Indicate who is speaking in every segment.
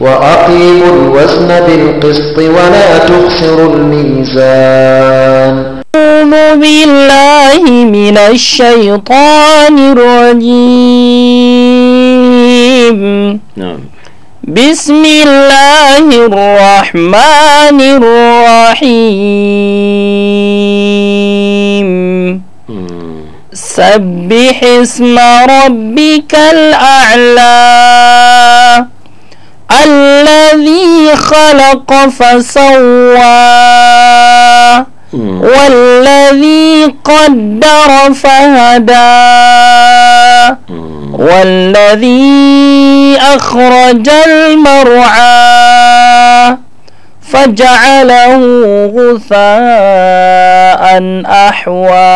Speaker 1: وأقيموا الوزن بالقسط ولا تخسروا الميزان أعوذ بالله من الشيطان الرجيم نعم بسم الله الرحمن الرحيم سبح اسم ربك الأعلى الذي خلق فسوى والذي قدر فهدى والذي أخرج المرعى فجعله غثاء أحوى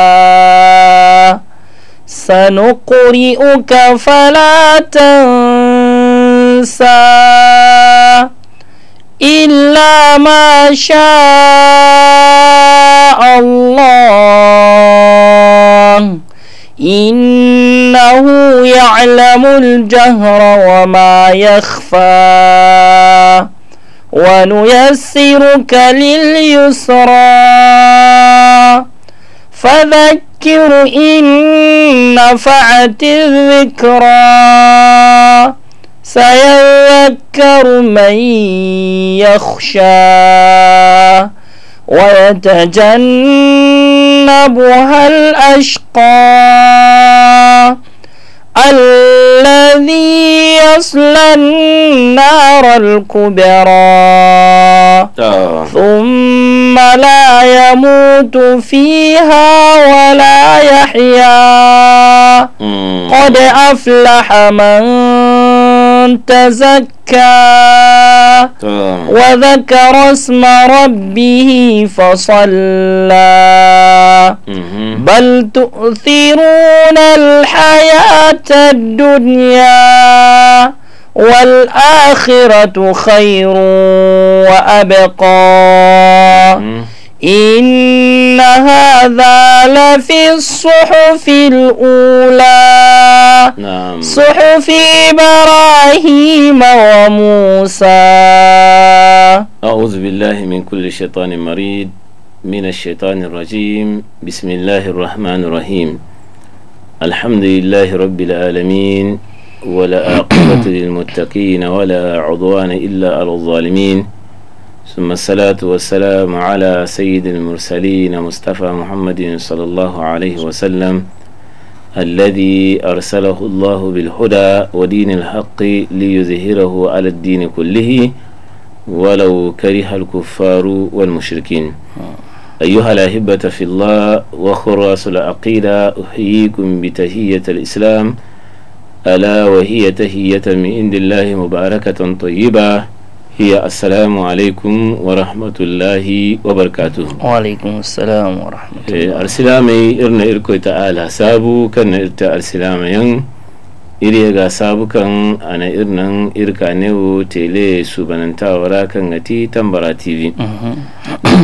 Speaker 1: سنقرئك فلا تنسى تنسى إلا ما شاء الله إنه يعلم الجهر وما يخفى ونيسرك لليسرى فذكر إن نفعت الذكرى سيذكر من يخشى ويتجنبها الأشقى الذي يصلى النار الكبرى آه. ثم لا يموت فيها ولا يحيا قد أفلح من تزكى آه. وذكر اسم ربه فصلى بل تؤثرون الحياة الدنيا والآخرة خير وأبقى إن هذا لفي الصحف الأولى نعم. صحف إبراهيم وموسى
Speaker 2: أعوذ بالله من كل شيطان مريد من الشيطان الرجيم بسم الله الرحمن الرحيم الحمد لله رب العالمين ولا عاقبة للمتقين ولا عدوان إلا على الظالمين ثم الصلاة والسلام على سيد المرسلين مصطفى محمد صلى الله عليه وسلم الذي أرسله الله بالهدى ودين الحق ليظهره على الدين كله ولو كره الكفار والمشركين أيها الأحبة في الله وخراس العقيدة أحييكم بتهية الإسلام ألا وهي تهية من عند الله مباركة طيبة هي السلام عليكم ورحمة الله وبركاته وعليكم السلام ورحمة الله أرسلامي إرنا إركو تعالى سابو كان إرتا أرسلامي iri ga sabukan ana irnan irka tele su banantawara kan gati tambara tv mhm.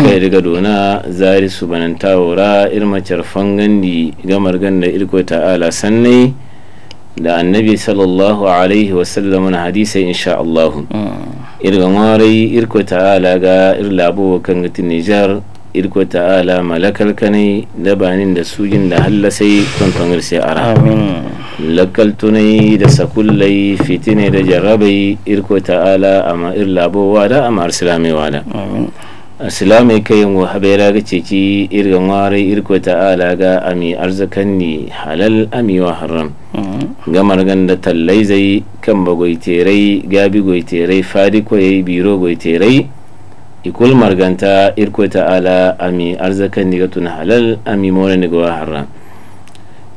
Speaker 2: kai daga dona zari su banantawara irma carfan gandi gamar ganda irko ta'ala sannai da annabi sallallahu alaihi wasallam na hadisai insha Allah mm. irga warai irko ta'ala ga irlabo kan gati Nijar irko ta'ala malakal kanai da banin da sujin da hallasai tontonir sai ara lakal tunai da sakullai fitine da jarrabai irko ta'ala amma labo wada amma arsilamewa da asilamai kayan wa habaira ga ceci irgan warai irko ta'ala ga ami ni halal ami wa haram mm-hmm. gamar da tallai zai kan ba goiterai gabi goiterai fadi koyai biro goiterai ikul marganta irko ta'ala ami arzakanni ga tun halal ami mora ni ga haram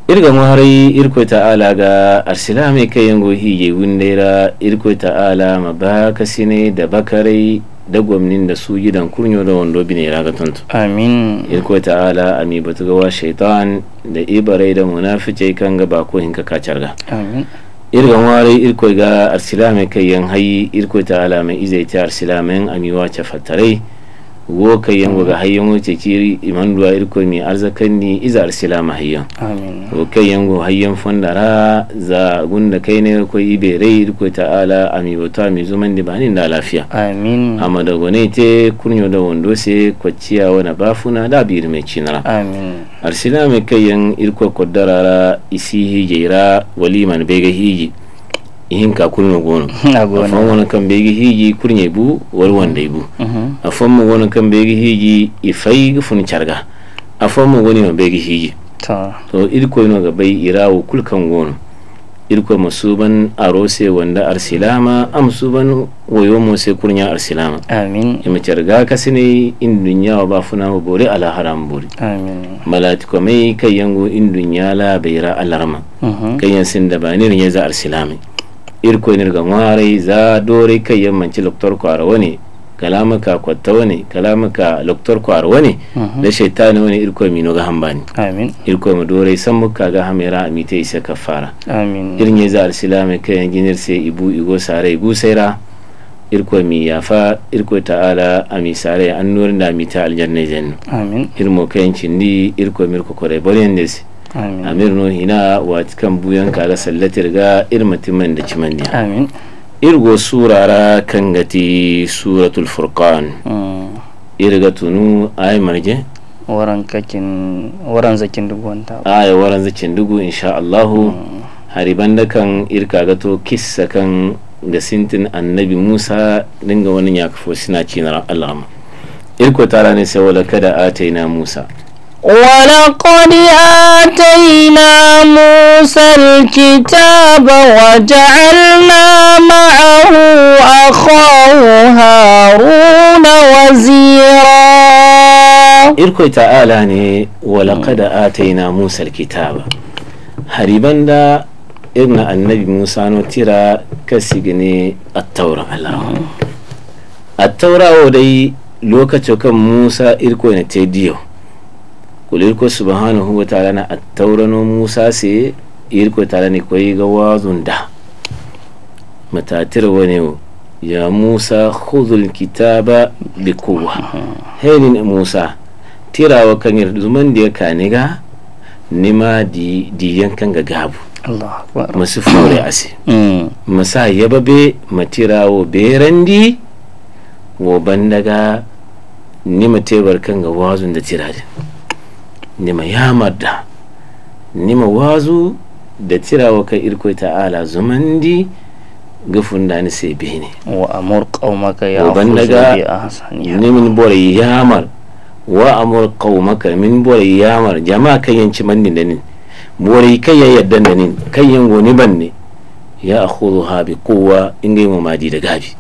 Speaker 2: irga maharai irko ta'ala ga arsilamai kayan wa hige wundaira irko ta'ala mabaka sine da bakarai da gwamnin da su gidan kurnyo da wando bine raga tantu amin Ilko ta'ala ami gawa shaitan da ibarai da munafice kan ga bako hinka kacarga amin irga ware ilko ga arsilame kai yan hayi ilko ta'ala mai izaita mai amiwa ce fattarai wo kayen waga hayyan wo kiri iman duwa irko mi arzakan ni iza arsila mahayyan wo kayen hayyan fondara za gunda kai ne ko ibe rai irko ta'ala ami wata mi zuman da bani da lafiya amin amma da gone te kunyo da wando se kwaciya wana bafuna da biri mai cinara amin arsila mai kayan irko koddarara isi hijira waliman bega hiji ihinka no gono wona wana kambegi hiji kurinyo bu wali wanda ibu wona mhm. wana kambegi hiji ifai gifuni charga woni no begi hiji to ilko ino gabai irawo kulkan gono ko musuban arose wanda arsilama amsuban wayo se kurnya arsilama amin ima charga kasini in dunya wa bafuna wa bore ala haram bore amin malati ko mai kayango in dunya la bayra alarma mhm. kayan sin da bani ne za arsilama ne ga marai za dore kai yammanci loktor kwarawa wani kalama ka kwatta wani kalama ka loktor kwara wani mhm. da shaitani wani irko mino ga hambani amin irko mu dore san muka ga hamira amite isa kafara amin irin ya za kai kayan ginir sai ibu igo sare ibu saira irko mi yafa irko ta'ala a misare an nurin da mita aljanna jannu amin irmo kayan cindi irko mirko kore ne amir no hina wati kan buyan kala sallatir ga irmati man da cimandiya amin irgo surara kan gati suratul furqan mm. irga tunu ay marje
Speaker 1: waran kakin waran zakin dugu wanta
Speaker 2: ay waran zakin dugu insha Allahu mm. hariban da kan irka gato kissa kan da sintin annabi Musa dinga wani kafo suna cinar al'am irko tara ne sai wala kada ataina Musa
Speaker 1: ولقد آتينا موسى الكتاب وجعلنا معه أخاه هارون وزيرا
Speaker 2: إركو تعالى ولقد آتينا موسى الكتاب هربان دا إن النبي موسى نترى كسجني التوراة الله التوراة ودي لوكا توكا موسى إركو نتديو kulirko subhanahu wa ta'ala na a taurano musa se irko ta'ala ne kwayi ga wazun da matatir wani ya musa khudhul kitaba bi kowa helin musa tirawa kan yi zuman da ya kaniga nima di yankan ga gabu masu fure ase masa mm. yababe matirawo berandi wa bandaga nima tebar kan ga wazun da tiradin nima yamadda nima wazu da tirawa ka irko ta'ala zumandi gafun dani sai ne. wa amur qaumaka ya bandaga min bore yamar wa amur qaumaka min bore yamar jama'a kan yanci manni da nin bore kai ya yadda da ni kai yan goni banne ya akhudha bi quwwa inda mu madi da gabi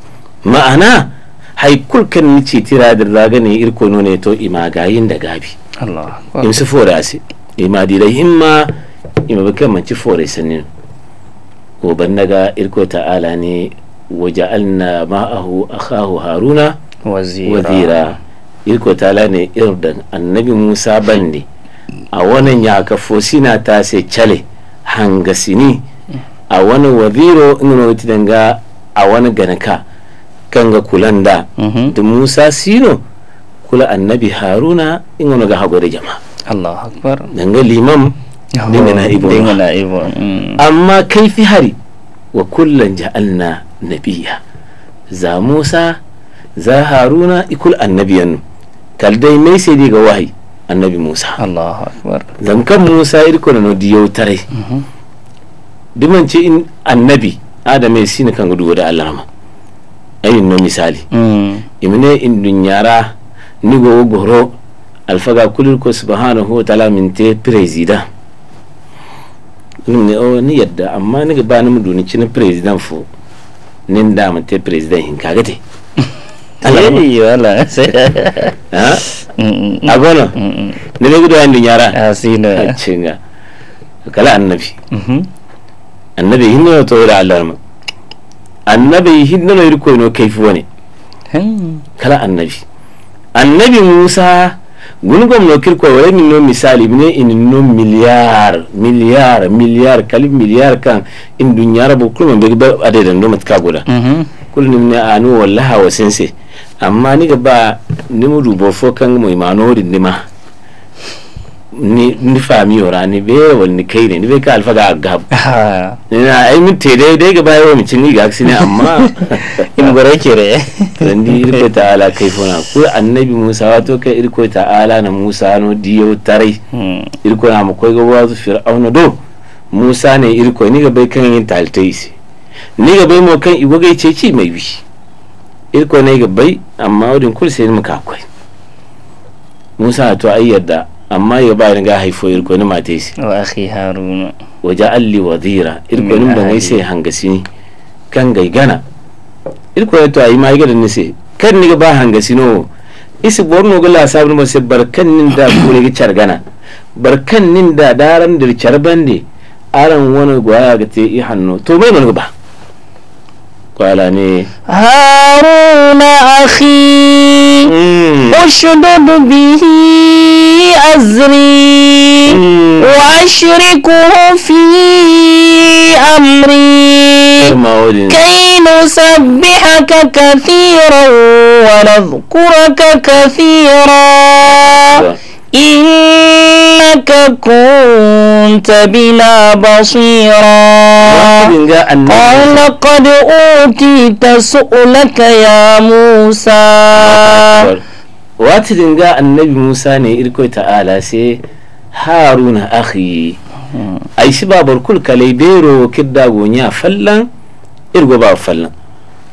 Speaker 2: ma'ana hai kulkan ni ci tira da ne irko ne to ima gayin da gabi Allah im su fora si ima di da himma ima bakan manci fora sanin ko ban naga irko ta'ala ne waja'alna ma'ahu akhahu haruna wazira irko ta'ala ne irdan annabi Musa banne a wannan ya kafo sina ta sai chale hangasini a wani waziro ina wata danga a wani ganaka kanga kulanda mhm. da musa sino kula annabi haruna in wani ga hago da jama allah akbar danga limam
Speaker 1: dinga na ibo
Speaker 2: mm. amma kai fi hari wa kullan ja'alna nabiya za musa za haruna ikul annabiyan kaldai mai sai dai ga wahayi annabi musa allah akbar kan musa irko na nodi yau tare dimanci mhm. in annabi adamai ya kan gudu da allah ayin no misali mm. imine dunyara ni go goro alfaga kulir ko subhanahu wa ta'ala min te president nimne o ni yadda amma ni ga bani mu duni cin president fo nin da mun te president hin kaga te alayi wala sai ha agona ne ne gudu indun yara asina ah, cinga kala annabi mm-hmm. annabi hinno to da alarma annabi hinnano iri ino kayfu wani kala annabi annabi musa gulgom no kirko wa ni no misali mine in no miliyar miliyar miliyar kali miliyar kan in dunyara bu kulma be ba ade da no matka goda mhm. kul ni ne anu wallaha wa sense amma ni ga ba ni mu dubo fo kan mu imano din ni ma ni ni fami yora, ni be wani ni kai ne ni be ka alfa ga gab ina ai min te dai dai ga bayo mi cin ga aksi ne amma in gore re dan di irko ala kai fona ko annabi Musa wato kai irko Ala na Musa no diyo tarai hmm. irko na mu koi ga wazu fir'auna do Musa ne irko ni ga bai kan yin taltai si ni ga bai mu kan iwo ga ceci mai bi irko ne ga bai amma wadin kursi ne mu kakwai Musa to ayyada ammayo bairin ga haifo irkoni matesi wa akhi haruna waje alli wadira irkoni bangai hangasini kan gai gana irkoni to kan ni ba hangasino isi borno ga barkan nin da kure ga barkan nin da daran dir charbande aran wani gwaya ga te i hanno
Speaker 1: haruna akhi ushdud hmm. bihi أزري وأشركه في أمري كي نسبحك كثيرا ونذكرك كثيرا إنك كنت بنا بصيرا قال قد أوتيت سؤلك يا موسى
Speaker 2: wata dinga annabi musa ne irko ta'ala sai haruna a yi shi babar kulkalai bero kidda gonya fallan irgo ba fallan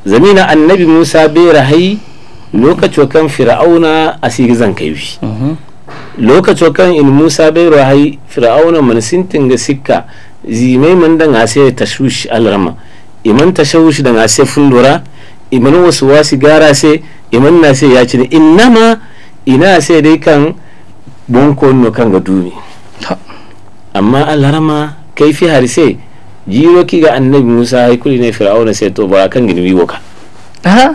Speaker 2: zamina annabi musa bera hai lokacin kan fir'auna a sigizan kai bi mhm. lokaci kan in musa bero hai fir'auna man sintin ga sikka zimai man da ngase tashush alrama iman tashush da ase fundura iman wasu wasi gara sai iman na sai ya in innama ina sai dai kan bonko no kan ga dumi amma alarama kai fi har sai jiro ki ga annabi musa hay kuli ne fir'auna sai to ba kan gini biwo ka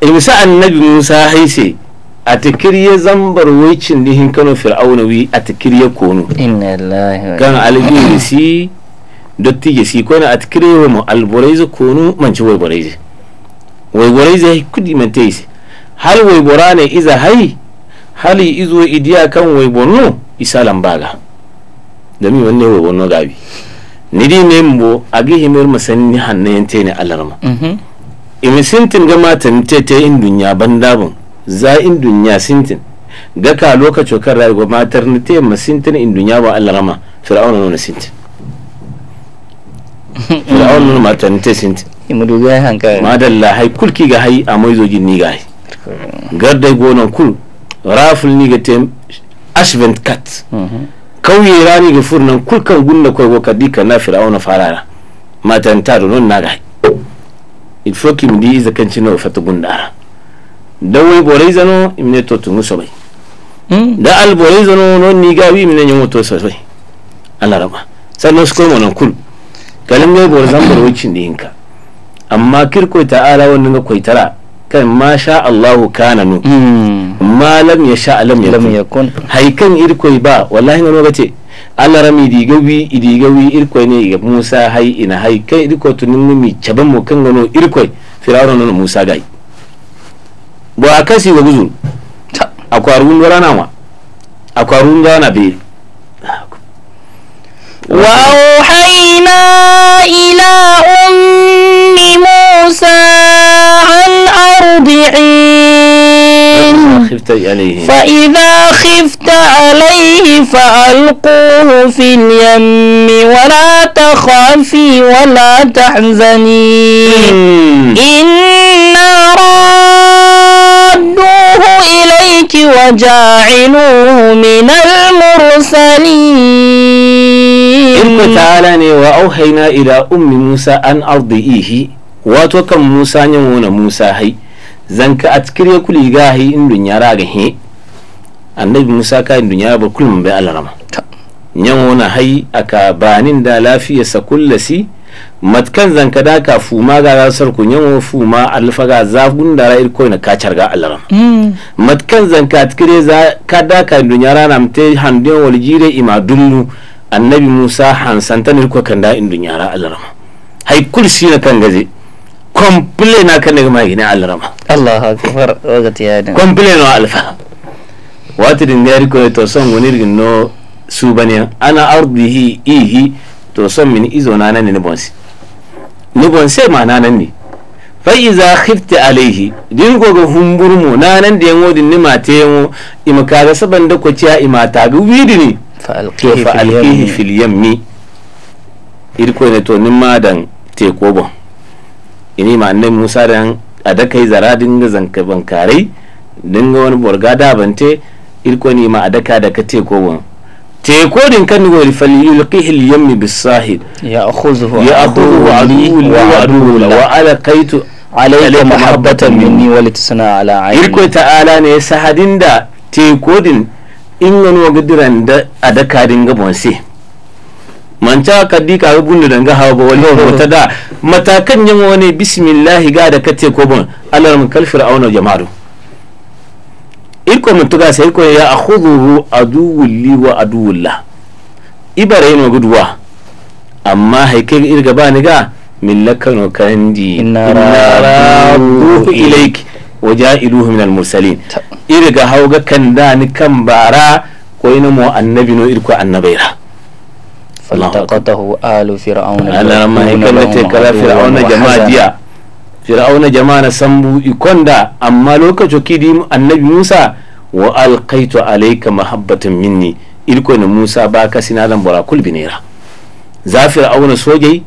Speaker 2: imsa annabi musa hay sai a tikirye zambar wicin dihin kano fir'auna wi a
Speaker 1: tikirye konu inna lillahi gan aljihisi
Speaker 2: dottiije siikoyna ati kireewomo alboreyse konu manci woyboreyse woyboreyse hay kudi manteyse hal woyboraane iza hay hali izo idiya kan woyborno isalan baga dami wanne woyborno gaabi ne hannu agi himer masanni hannayentene alarma mhm. imi sintin ga matan tete in dunya bandabun za in dunya sintin ga ka lokacin kan rayuwa matar ni te ma sintin in dunya ba alarma fir'auna nuna sintin
Speaker 1: fir'aun
Speaker 2: ma tante sinti
Speaker 1: imudu ga hanka
Speaker 2: madalla hay kulki ga a mai zogin ni ga hai garda gonan kul raful ni ga tem h kat mhm. kauye rani ga furnan kul kan gunna koy go kadi kana fir'auna farara ma ta da non na ga il faut qu'il me dise kan cino fata gundara wai borai zano imne to tungu bai hmm? da al borai zano non ni ga wi imne nyamoto sosai. Allah rama sannan su kuma nan kul galingai bor zambar wicin ɗinka amma kirko ala wannan ga kwaitara kan ma sha Allahu kana nu mm. ma lam ya sha lam ya kun haikan irko ba wallahi ba ce Allah rami digawi idigawi irko ne ga Musa hai ina hai kai irko tunin mi caban mu kan gano irkoi firawun nan Musa gai bo akasi ga guzun akwarun rana ma akwarun rana be
Speaker 1: وأوحينا إلى أم موسى عن أرضعين
Speaker 2: فإذا
Speaker 1: خفت عليه فألقوه في اليم ولا تخافي ولا تحزني إنا وجاعلوه من المرسلين إن تعالى
Speaker 2: وأوحينا إلى أم موسى أن أرضئيه واتوكم موسى يمون موسى هي zanka a cikin ya kuli gahi in dunya raga he annabi musa ka in dunya ba bai alarama yan wona aka bani da lafiyarsa kullasi matkan da ka fuma ga rasar kunyan fuma alfa ga zafun da ra'ir irko na kacar ga alaram hmm. matkan zanka tikire za ka da ka dunya rana mte handin wal jire ima dummu annabi musa hansantan ko da in dunya ra alaram hay kursi na kan gaje komple na kan mai ne alaram
Speaker 1: Allahu akbar wagati ya dan
Speaker 2: komple na alfa wati din ne ko to son wani rigin no subaniya ana ardihi ihi to son min izo na nan ne bonsi nugon sai ma nanan ne fa iza khifta alaihi din goga humburmo nanan da yango din nima te yango imakaga saban da kwaciya ta bi widi ne fa alqihi fil yammi irko ne to nima madan te kobon ini ma annabi Musa dan adakai zara dinga zanka bankarai dinga wani borga da bante irko ne ma adaka da ka te kobon te kodin kan wal fal yulqihi al yam bis sahil ya'khudhuhu ya'khudhuhu aduwwu wa aduwwu wa ala qaitu alayka mahabbatan minni wa litasna ala ayni irko ta'ala ne sa hadin sahadinda te kodin ingan wa gidiran da adaka dinga bonse manta ka di ka bundu da ga hawa wali ko ta da matakan yan wani bismillah ga da kate ko bon alarm kal fir'auna jama'u irko mutuga sai irko ya akhudhu aduwulli wa aduwullah ibare ma guduwa amma haike irga ba ni ga millakano kandi inna ilaik wajailuhu min almursalin mursalin irga hauga kan da ni kan bara ko ina mu annabi no irko annabaira فالتقطه آل فرعون على ما هيكلت كلا فرعون جماعة fir'auna jama'a san sambu ikonda amma lokacin kidi annabi musa wa alqaitu alayka mahabbatan minni ilko na musa ba ka sinalan bora binira za fir'auna sojai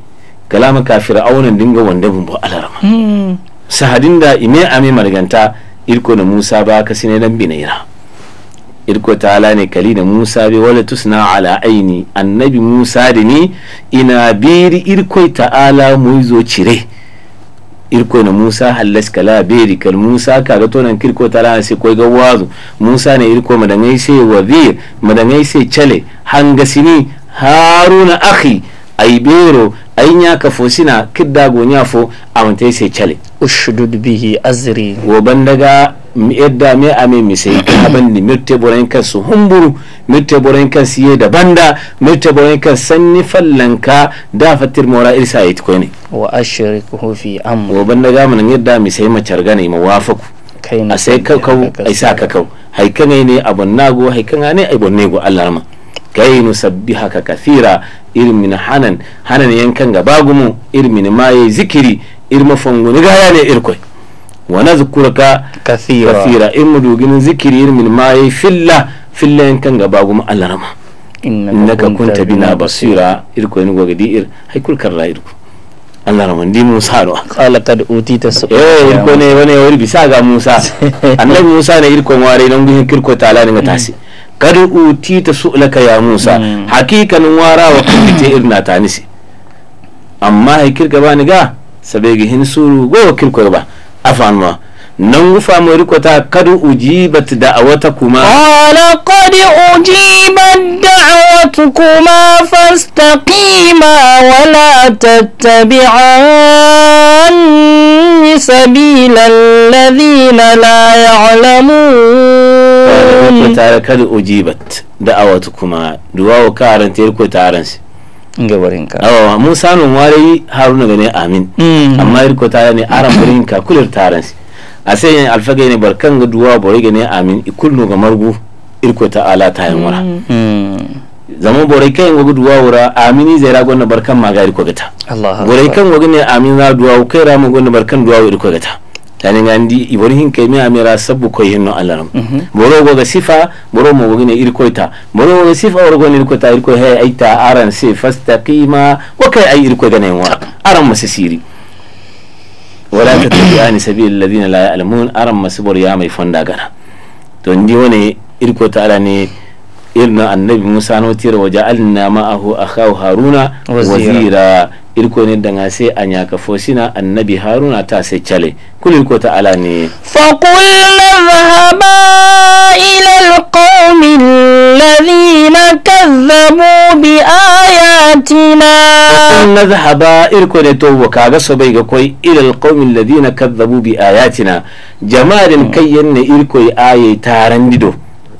Speaker 2: kalama ka fir'auna dinga wanda bu alarama hmm. sahadin da ime ame marganta ilko na musa ba ka sinalan binira irko ta'ala ne kali da musa bai wala tusna ala aini annabi musa da ni ina biri irkoi ta'ala mu zo cire irko na musa hallaskala beri kal musa kaga tonan kirko talana koi ga wazu musa ne irko madangai sai wazir madangay sai chale hangasini haruna akhi ay bero ay ñaka fo sina fo ñafo awantay sai chale ushudud bihi azri wo bandaga yadda me ame mi sai abin da mirte boren kan su humburu mirte boren kan siye da banda mirte boren kan sanni fallanka da fatir mora irsa yi ko ne wa ashirin fi an wa banda ga mun yadda misai macar gane ma ku a sai kakau a isa kakau haikan ne abun nago haikan ne yi bonne go Allah ma kai kafira irin na hanan hanan yankan ga bagumu na ma yayi zikiri irin fanguni gaya ne irkwai. wa nazkuruka kathira kathira in mu dogin zikiri min ma yi filla filla kan gaba guma alarama innaka kunta bina basira irko ni goga di ir hay kul karra irko Allah rahman di Musa no qala kad utita su eh irko ne wane wani bisa ga Musa annabi Musa ne irko ware nan guhin kirko tala ne mm. tasi kad utita laka ya Musa mm. hakikan wara wa kullite irna tanisi amma hay kirka bani ga sabai gihin suru go kirko ba nan afanma nangu famori kota kad ujibat da'awatakuma
Speaker 1: qala qad ujibat da'awatukuma fastaqima wa wala tattabi'an sabila alladhina la ya'lamun
Speaker 2: kota uji ujibat da awata kuma karan karanta ko taransi nga warinka awa musa no wari haruna gane amin mm. amma irko tare ne aran burinka kulir a ase alfaga ne barkan ga duwa bore gane amin ikulno ga margu irko ta ala ta yan wara mm. Mm. zama bore kan ga duwa wura amini zai rago na barkan ma ga irko gata bore kan ga ne amin na duwa kai ramu ga barkan duwa irko gata tani ngandi ibori hin kemi amira sabu ko hinno alaram boro go sifa boro mo go ne irkoita boro go sifa boro go ne irkoita irko he aita aran se fastaqima wa kai ay irko gane wa aran masisiri wala mm-hmm. tattabi'ani sabil alladhina la ya'lamun aran masbur ya mai fonda gana to ndi wone irko ta ala ne irin annabi musa no tira waje alina ma'ahu kawo haruna wazira irko ne da sai anya ka fosina annabi haruna ta sai cale kuli ko ta ala ne
Speaker 1: faƙulla zahaba lahaba ila alqawmi kazzabu bi ayatina
Speaker 2: zahaba irko ne to wa kaga so bai ga koi ila alqawmi alladhina kazzabu bi ayatina jama'arin mm. kayyan ne irko ayi taran dido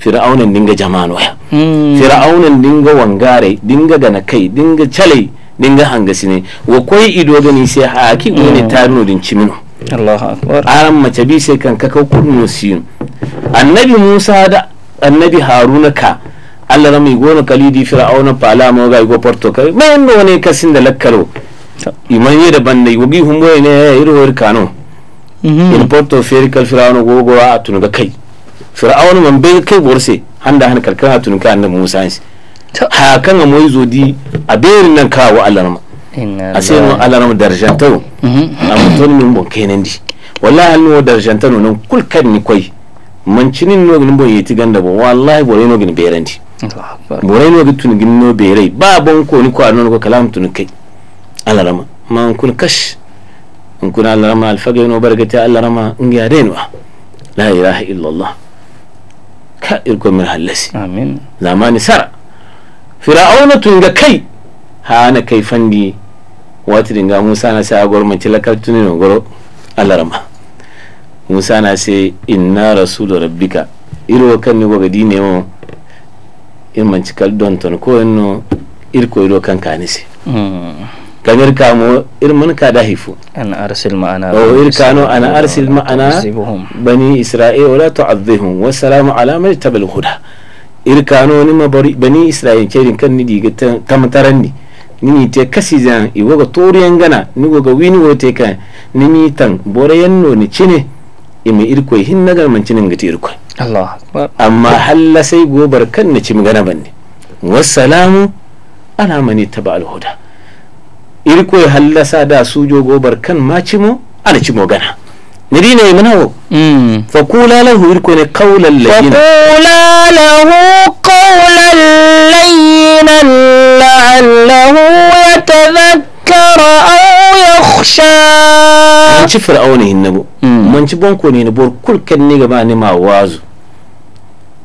Speaker 2: fir'aunan dinga jamanoya hmm. fir'aunan dinga wangare dinga gana kai dinga calai dinga hangasi ne wa koi ido gani sai haki hmm. ne tarno din cimino Allahu akbar aran mace bi sai kan kaka kurnu sin annabi Musa da annabi Haruna ka Allah rami gona kalidi fir'auna fala mo ga go porto kai men no ne kasin da iman imanye da bande wogi humbo ne irwar kano hmm. in porto fir'auna go go a ga kai fir'aunu man bai kai borse handa han karkar hatun ka annabi musa ansi ha kan ga moyi zodi a berin nan kawo alarma a sai no alarma darjantano mhm. a mutum min bon kenan di wallahi hannu wa darjantano nan kulkan ni koi cinin no gin bon yeti ganda bon wallahi bore no gin berandi bore no gin tun gin no berai ba bon ko ni ko anon ko kalam tun kai alarma ma kun kash in kun alarma alfaga no bargata alarma in ya denwa la ilaha illallah ka irko min hallasi amin zamani sara fir'auna ga kai hana kai fandi wata dinga musa na sai agwar mace tilakar tuni no goro alarma musa na sai inna rasu da rabbika iro kan ni gwagadi ne mo in man don ton ko enno irko iro kan kanise
Speaker 1: mm.
Speaker 2: kamar kamo irmin ka da hifu an arsil ma'ana wa irkano an arsil ma'ana bani isra'il wala tu'adhihum wa salamu ala man tabal huda irkano ni ma bani isra'il kerin kan ni diga tamtaran ni ni te kasi zan i woga toriyan gana ni woga wini wo te kan mi tan bore yanno ni cine mi irko hin nagar man cinin gati irko Allah amma halla sai gobar kan ni cim gana banni wassalamu ala man taba huda irkoy hallasa da sujo gobar kan macimo ala cimo gana nirina yi manawo mm. fakula lahu irkoy ne kaulan layyina
Speaker 1: fakula lahu kaulan layyina la'allahu yatadhakkara aw yakhsha manci
Speaker 2: fir'auna hinnabo mm. manci bonko ne na bor kulkan ne maa waazu ma wazu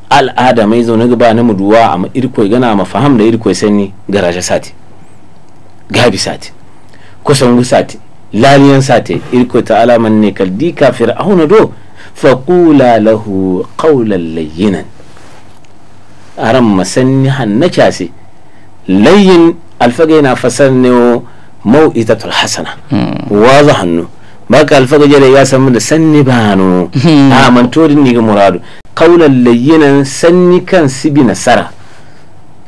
Speaker 2: al'ada mai zaune gaba na muduwa a irkoy gana ma faham da irkoy sanni garaje saati gabi sati kusan sangu sati laliyan sati irko ta manne kal kaldi kafir fir'auna do faƙula lahu ƙaular layyinan aran masanni hannu case layyin alfaga na fasar ne o mau'izatul hasana hmm. wazo hannu ka alfaga jere ya samu da sanni ba bano hmm. a mantorin ni ga muradu ƙaular layyinan sanni kan sibi nasara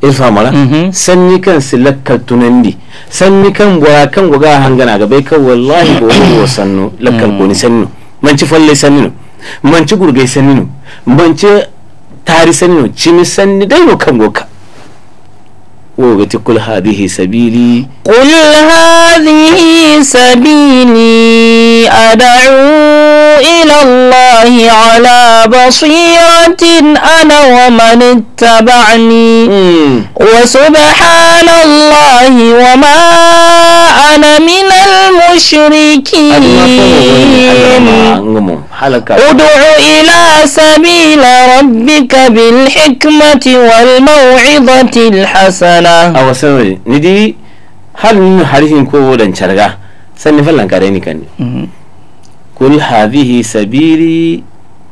Speaker 2: ilfamara mhm. sanni kan silakka tunandi sanni kan gwara kan gwaga hangana bai kan wallahi ba wani wa sannu lakkar mm. koni sannu ci falle sannu ci gurgai sannu ci tari sannu cimi sanni dai mu kan goka وقلت قل هذه سبيلي
Speaker 1: قل هذه سبيلي أدعو إلى الله على بصيرة أنا ومن اتبعني وسبحان الله وما أنا من المشركين
Speaker 2: ادعو إلى
Speaker 1: سبيل ربك بالحكمة والموعظة الحسنة أو
Speaker 2: سوري ندي هل
Speaker 1: من حديث كوبودا شرقا
Speaker 2: سنفلن كاريني كان kuli hadhihi sabili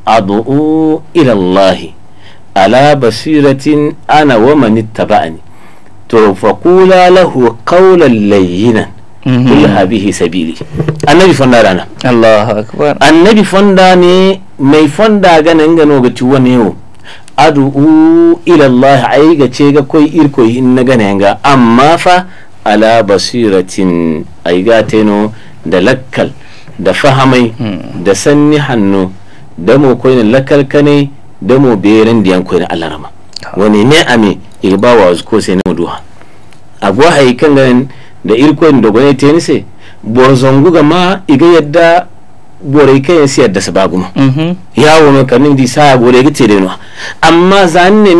Speaker 2: adu'u ila allahi ala basiratin ana wa man to faqula lahu qawlan layyinan kuli hadhihi sabili annabi fanda dana allahu akbar annabi fanda ne mai fanda ganin gano ga tuwa ne wo adu'u ila allahi ai ga ce ga koi irko in na ganin ga amma fa ala basiratin ai ga teno da lakkal da fahamai hmm. da sanni hannu da mu koyin lakalkane da mu berin da na alarama wani ne ame igba wa ko sai na duha agwa ai kan da irkoyin da gwani tenise bozongu ga ma iga yadda bore kan su ba guma mhm. ya wono karnin di sa gore gite de no amma zan ne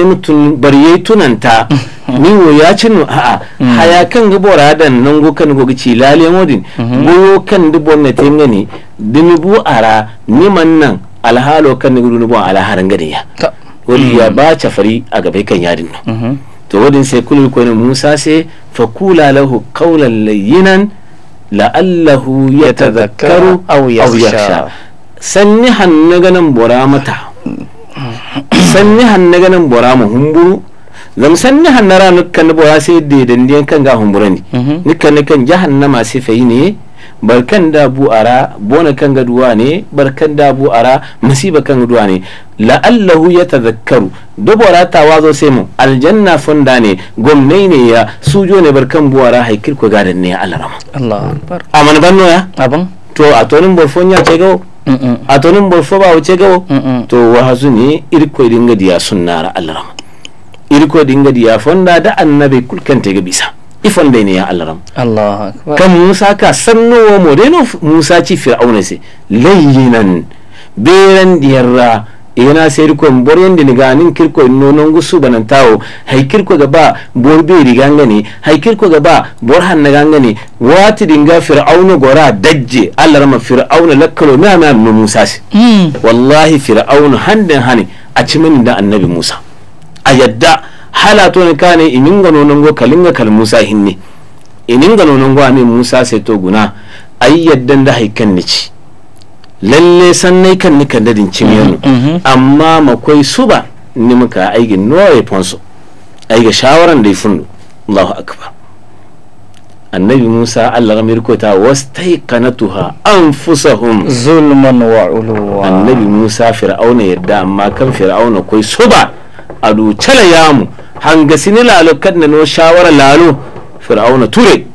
Speaker 2: bari ya yi tunanta mhm. ni wo ya cin a a mhm. haya kan ga bora nan go kan go gici lale modin goyo kan di na tenga dimi bu ara ni man nan alhalo kan ni gudu bo alharan gani ya wani ya ba fari a gaba kan yadin nan to wadin sai kulul musa sai fa kula lahu qawlan layyinan la'allahu ya tazakkaru aw yakhsha sanni hanna ganan bora mata sanni hanna ganan bora ma humburu zam sanni hanna ranukan bora sai da dandiyan kan ga humbura ne mhm. nukan kan jahannama sai fayi ne barkan da bu ara bona kan gaduwa duwane barkan da bu ara masiba kan ga duwane la'allahu tazakkaru dobora ta wazo sai mu aljanna fonda ne gomnai ne ya sujo ne barkan bu ara haikir ko gadan ne Allah rama
Speaker 1: Allah akbar
Speaker 2: aman banno ya aban to a tonin ya ce gawo a tonin borfo ba wuce gawo to wahazu ne irko dinga diya sunnara Allah rama irko dinga diya fonda da annabi kulkan ta ga bisa ifan bai ne ya alaram
Speaker 1: kan musa ka sannowa
Speaker 2: modeno musa ci fir'auna se layyinan beren diyarra yana sai ko bor yande ni ganin kirko no non gusu banan tawo hay kirko gaba ba bor be riganga ne hay kirko gaba bor han naganga ne wati dinga fir'auna gora dajje Allah rama fir'auna lakkalo na na Musa shi hmm. wallahi fir'auna handan hani a cimin da annabi Musa a yadda hala to kane iminga nonongo kalinga kal musa hinne ininga go amin musa sai to guna ay yaddan da haikan ni ci lalle sannai kan ni kan dadin cimiyanu mm-hmm, mm-hmm. amma makwai suba ni muka aigin noye fonso aiga shawaran da ifundu Allahu akbar annabi musa allah ga mirkota wastaiqanatuha anfusahum zulman wa uluwa annabi musa fir'auna yadda amma kan fir'auna koi suba adu cala yamu hangasini lalo kadna no shawara lalo fir'auna ture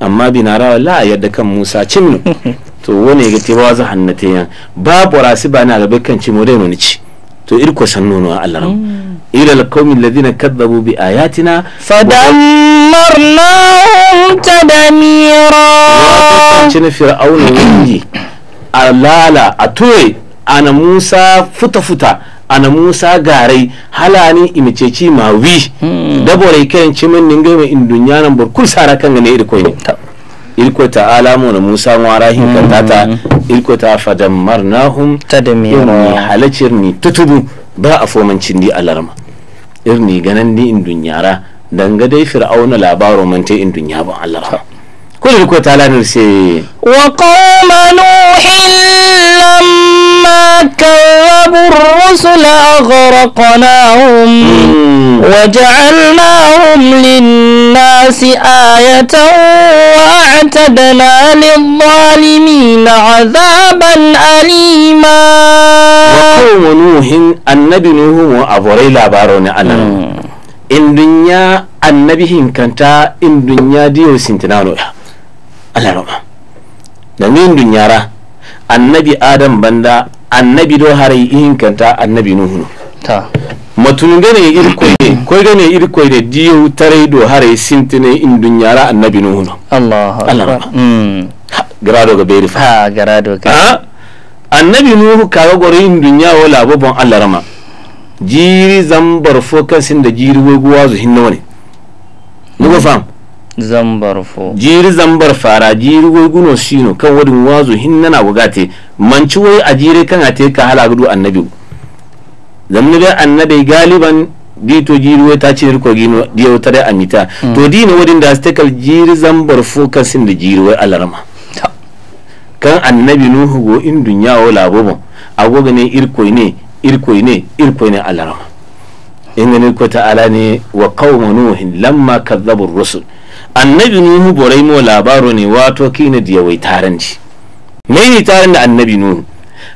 Speaker 2: amma binara la yadda kan musa cimno to wani ga te wazu hannate yan babu rasi ba na gabe kan cimo dai ci to irko sannono Allah ran mm. ila alqawmi alladhina kadzabu bi ayatina
Speaker 1: fadammarnahum
Speaker 2: tadamira cin fir'auna windi alala a ture ana musa futa futa ana musa garai halani imiceci ma wi hmm. dabore kiran cimin ninga mai indunya nan burkul sara kan ne irko ne irko ta alamu na musa wara kantata hmm. irko ta fadammarnahum tadmira halacir ni tutubu ba a fomancin di alarma irni ganan ni indunyara danga dai fir'auna labaro man ta indunya ban Allah kullu ko ta lanar sai
Speaker 1: wa qauma nuhin lam ما كذبوا الرسل أغرقناهم وجعلناهم للناس آية وأعتدنا للظالمين عذابا أليما وقوم
Speaker 2: نوح النبي نوح وأبوري لابارون أنا إن دنيا النبي كانت إن دنيا ديو سنتنانو الله رحمه da min dunyara annabi adam banda annabi do haray ihinkanta annabi nuhu matunde ne irkoyde koyde ne irkoyde diyo tare do haray sintine in dunyara annabi nuhu allah
Speaker 1: allah mm.
Speaker 2: garado ga beri ha garado ga annabi nuhu kaga goro in dunya wala babon allah rama jiri zambar fo da jiri wai guwa zu hinna mu ga fam zambarfo jiri zambar fara jiri guno sino kan wadin wazo hinna na bugate manci wai a jiri kan ate ka hala gudu annabi zamni annabi galiban di to jiri wai ta ce riko gino di ta da amita hmm. to di wadin da kal jiri zambar fo kan da jiri wai alarma kan annabi nuhu go in dunya wa a agoga ne irkoi ne irkoi ne irkoi ne alarma in ganin ko ta'ala ne wa qauma nuhin lamma kadzabu rusul annabi nuhu borai mo labaro ne wato kina diya wai taranci mai ne taran da annabi nuhu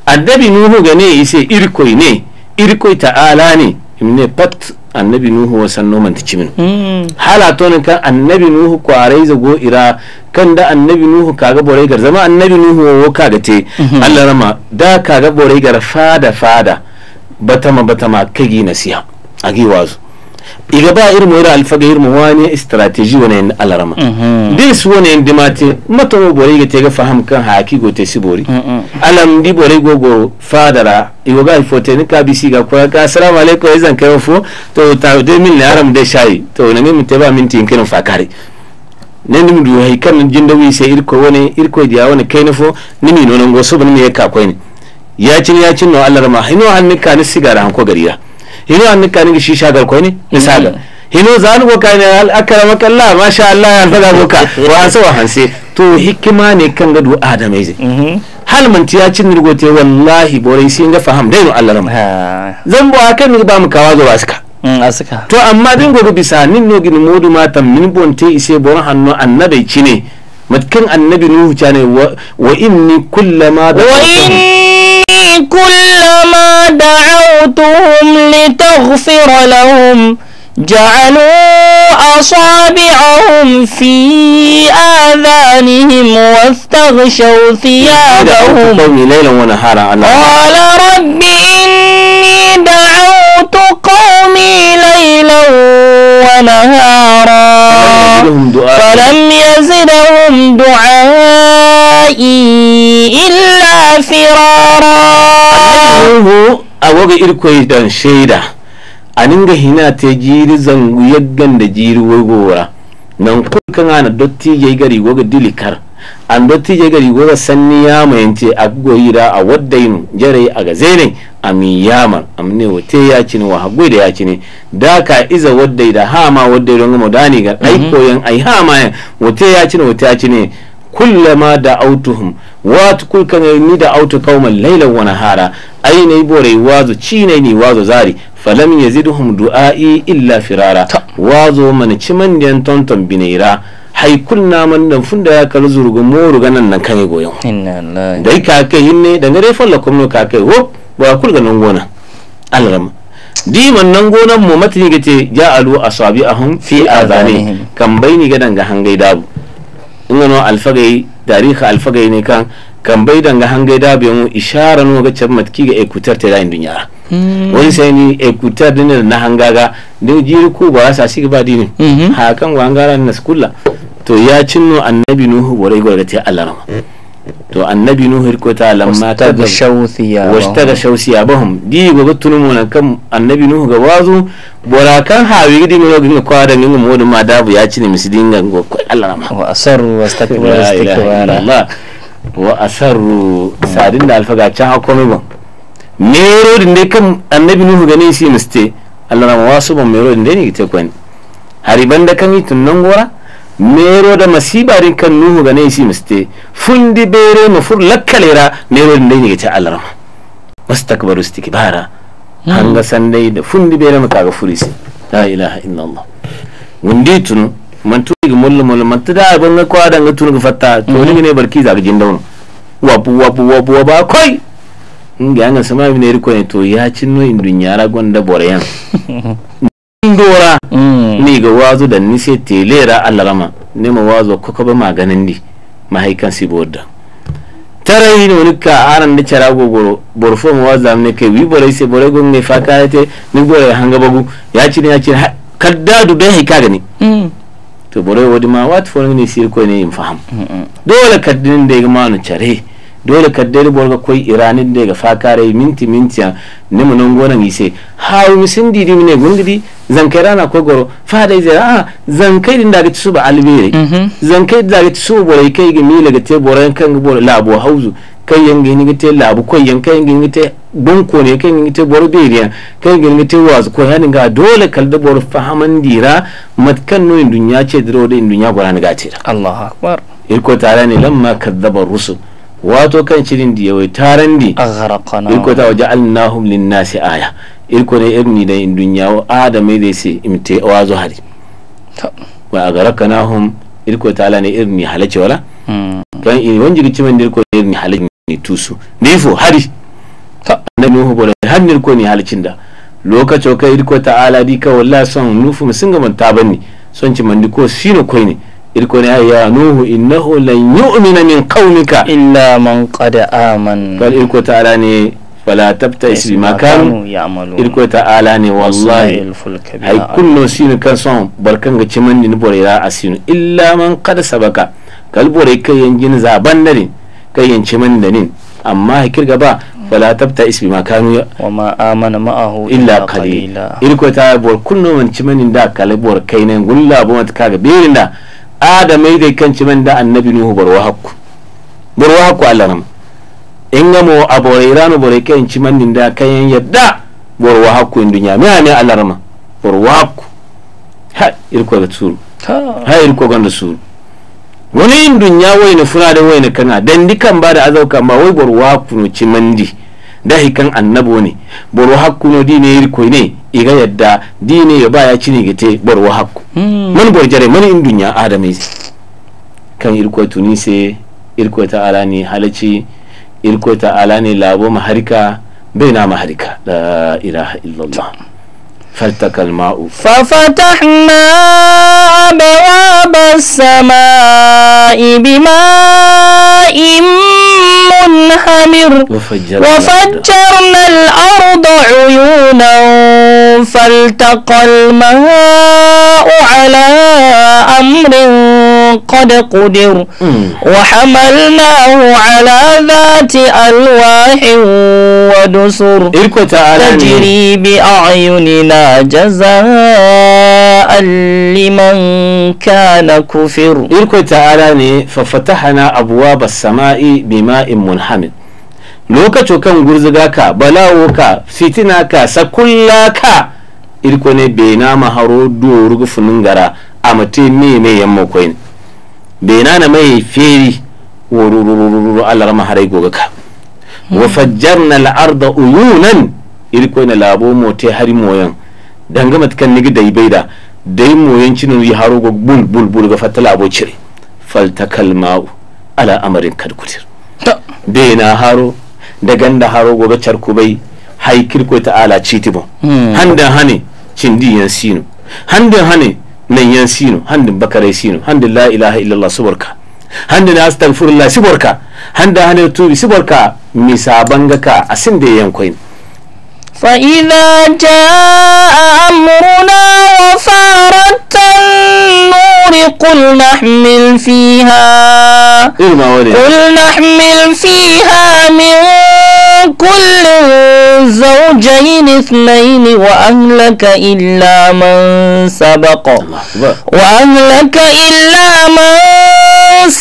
Speaker 2: annabi nuhu ga ne ise irkoi ne irkoi ta'ala ne imne pat annabi nuhu wasan noman ta cimin hmm. hala ne kan annabi nuhu kwarai zago ira kan da annabi nuhu kaga borai gar zama annabi nuhu wo kaga te mhm. Allah rama da kaga borai gar fada fada batama batama kagi nasiha agi wazu iga ba mai ira alfaga irin wani strategy wani yin alarama
Speaker 1: mm-hmm.
Speaker 2: su wani yin dimate mato mo bori ga tega faham kan haki go te sibori mm-hmm. alam di bori go go fadara iwa ga ifote ni ka bisi ga kwa ka assalamu alaikum izan kai fo to ta de min laram de shayi to ne min te ba min tin kirin fakari ne ni du hay kan da wi sai irko wani irko diya wani kai ne fo mi nonon go so ban ya ka koyni yacin yacin no alarama hino hannika ni sigara hanko gariya hino an nika shi shagal gal ni misala hino zan go kan a akrama kallah masha Allah ya faga boka wa an sawa hanse to hikima ne kan ga du adamai zai mhm. hal man tiya cin nirgo te wallahi borai sai ga faham dai no Allah rama zan bo akan ni ba mu kawa zuwa suka mm, asuka to amma din gobe bisa nin no gini modu mata min bonte ise boran hanno annabai cine matkin annabi nuhu cane wa inni kullama da wa inni
Speaker 1: كلما دعوتهم لتغفر لهم جعلوا أصابعهم في آذانهم واستغشوا ثيابهم قال رب إني دعوت قومي ليلا ونهارا فلم يزدهم دعائي إلا فرارا anhu
Speaker 2: awoga irkoydan sheda aninga hinate jiri zangu da jiri wogora nan kulkan ana dottijai gari waga dilikar an dottijai gari goga sanni ya yance a goyira a waddayin jare a gazene a mi yamar amne wate ya cin wa hagwai da ya cin da ka iza waddai da hama waddai don gama dani ga mhm. aiko koyan ai hama yan wate ya cini wate ya cini kullama da autuhum watu kulka nida auto kauma laylan wa nahara ainai borai wazo cinai ni wazo zari falam yaziduhum du'ai illa firara wazo man ciman den tonton binaira hay kunna man dan funda ya kal zurugo moru ganan nan kan goyon inna lillahi dai ka kai hinne da ngare falla kuma ka kai wo ba kulga nan gona di diman nan gonan mu matini gace ja alu asabi ahum fi azani kan baini gadan ga hangai dabu ingano alfagai tariha alfagai ne kan kan bai danga hangai da biyan isharar mu ga matki ga ekutar ta dai duniya wani sai ni ekutar din na hangaga da jiri ko ba sa shi ba dini hakan wangara na skula to ya cinno annabi nuhu borai gwargate Allah rahma to annabi nuhu ko ta lamma ta ga shawsiya ta ga shawsiya bahum di go tunu mun kan annabi nuhu ga wazu bora kan hawi gidi mo ga kwa da ngi mo ma dabu ya ci ne misidin ga go ko Allah ma wa asarru wastakbaru istikbara Allah wa asarru sadin da alfaga can ha komai ba mero din ne kan annabi nuhu ga ne shi miste Allah na wasu ban mero din ne ne ke kwani hariban da kan yi tunnan gora mero da masibarin kan nuhu ga nai si miste fundi bere ma fur lakkalera mero da nai ga ta alarma mustakbaru istikbara san dai da fundi bere kaga ga furisi la ilaha Allah. wundi tun man tu ga mulla mulla man tu da ban ga kwadan ga tunu ga fatta to mhm. ni ne barki za ga jindawno wabu wabu wabu waba koi ga anga sama bi ne riko ne to ya cinno indun yara gonda boreyan
Speaker 1: indora mm. mi mm. ga
Speaker 2: wazo da nise telera allarama ne ma wazo koko ba maganin ni mahaikan si borda tarai yi ne ka aran da cara gogoro borfo ma wazo ne kai wi bore se bore gon ne faka te ni bore hanga bagu ya ci ne ya ci kaddadu bai haika gani mm. to bore wadi ma wat for ne sir ko ne in faham dole kaddin da ga manu care dole kaddere borga koi iranin de ga fakare minti minti ya ne mun ngona ha hayu misin didi mine gundidi zankai rana ko goro fa dai zai a zankai din daga tsuba albere mhm. zankai daga tsuba borai kai ga mila ga te boran kan ga borai labo hauzu kai yanga ni gite labu kai yanga kai yanga te bunko ne kai yanga te boru beriya kai ni te wazu ko hanin ga dole da boru fahaman dira matkan no dunya ce diro da dunya gora ni ga tira Allahu akbar irko tare ne lamma kadzaba rusul wato kan cirin da yawai taran di irko ta waje alnahum linnasi aya irko ne irni da in dunya wa adame da sai imte wa wazo hari wa agaraknahum irko ta ala ne irni halace wala hmm. kan in wani jirgin cimin irko ne irni halace ne tusu ne nifo hari na nuhu bole har irko ne halacin da lokacin kai irko ta ala di ka wallahi son nufu sun gaban man tabani son cimin ko shi ne kwai ne irkoni ne ya nuhu innahu lan yu'mina min qaumika illa man qad aman kal irko ta'ala ne fala tabta bima kanu ta irko ta'ala ne wallahi ay kunno sinu kan son barkan ga ciman ni a asinu illa man qad sabaka kal bore kai yanjin zaban da ne kai yanci man da ne amma hakir gaba fala isi bima kanu wa ma amana ma'ahu illa qalila irko ta bor kunno man ciman da kal bor kai ne gulla bo mat kaga birinda adamai dai kan man da annabi nuhu barwa hakku barwa hakku nan in gamo a borai ranu borai kan ci din da kan yadda barwa hakku in duniya me ne alarma barwa hakku ha irko ga tsuru ha irko ga suru wani in duniya wai na funa da wai na kana dan dikan ba da azauka ma wai barwa hakku no cimandi da hikan annabo ne barwa hakku no dine irko ne iga yadda dine ya baya cini gite wa hakku hmm. man jare man in dunya adamai kan irko tunise irko ta alani halaci irko ta alani labo maharika bai maharika la ilaha illallah فالتقى الماء
Speaker 1: ففتحنا أبواب السماء بماء منهمر وفجرنا الأرض عيونا فالتقى الماء على أمر قد قدر وحملناه على ذات ألواح ودسر تجري بأعيننا جزاء liman
Speaker 2: kana kufiru irko ta'ala ne fafatahana abwaba sama'i bima'in munhamid lokaci kan gurzuga ka balawo ka fitina ka sakulla ka irko ne na maharo do gufunin gara a mate me mai yamma koyin bena na mai feri worurururu allar maharai goga ka hmm. wa fajjarna al'arda uyunan irko na labo mote hari moyan da matkan nigi daibaida day haro go bul bul bul ga fatala abo cire fal ma'u ala amarin kadkutir na haro da ganda haro charku bai hay kirko ta ala citibo
Speaker 1: hmm. handa
Speaker 2: hane cindi yan sino handa hane nan yan sino handin bakare sino handin la ilaha illallah subarka handa na astaghfirullah siborka handa hane turi siborka misa bangaka asin da yankoin
Speaker 1: فإذا جاء أمرنا وفارت النور قل نحمل فيها قل نحمل فيها من كل زوجين اثنين وأهلك إلا من سبق وأهلك إلا من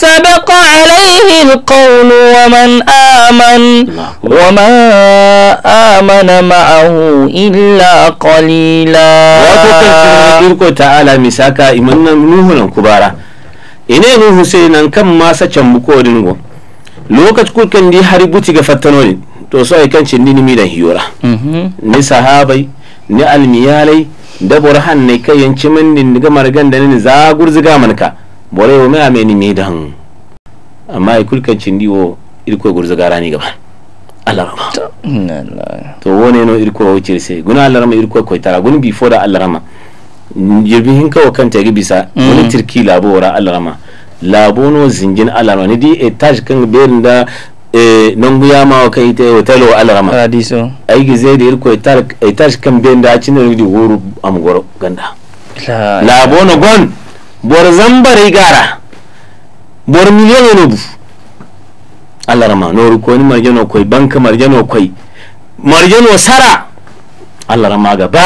Speaker 1: سبق عليه القول ومن آمن وما آمن معه إلا قليلا وتكلم تعالى مساكا
Speaker 2: إمنا نوه كبارا ine nuhu sai kan masa can ko dingo lokaci kulkan di buti ga fattanoli to so ai kancin ni mi da hiyora ni sahabai ni almiyalai da burhan ne kai yanci min din ga margan da ni zagur ziga manka bore wo mea meni mi dan amma ikul kan cindi wo irko gurza garani gaba Allah rama to wone no irko wuce cirse guna Allah rama irko ko tara gun before da Allah rama jirbi hin kawo kan ta bisa wani mm. turki labo wara Allah rama labo no zingin Allah rama ni di etage kan berin da e, nan guya ma wa kai ta Allah alarama radiso ai gize da irko etage kan berin da cin da wuri wuru am goro ganda labo no gon bor yi gara bor miliyan no bu allah rama noru ko ni marjano koy banka marjano koy marjano sara allah rama ga ba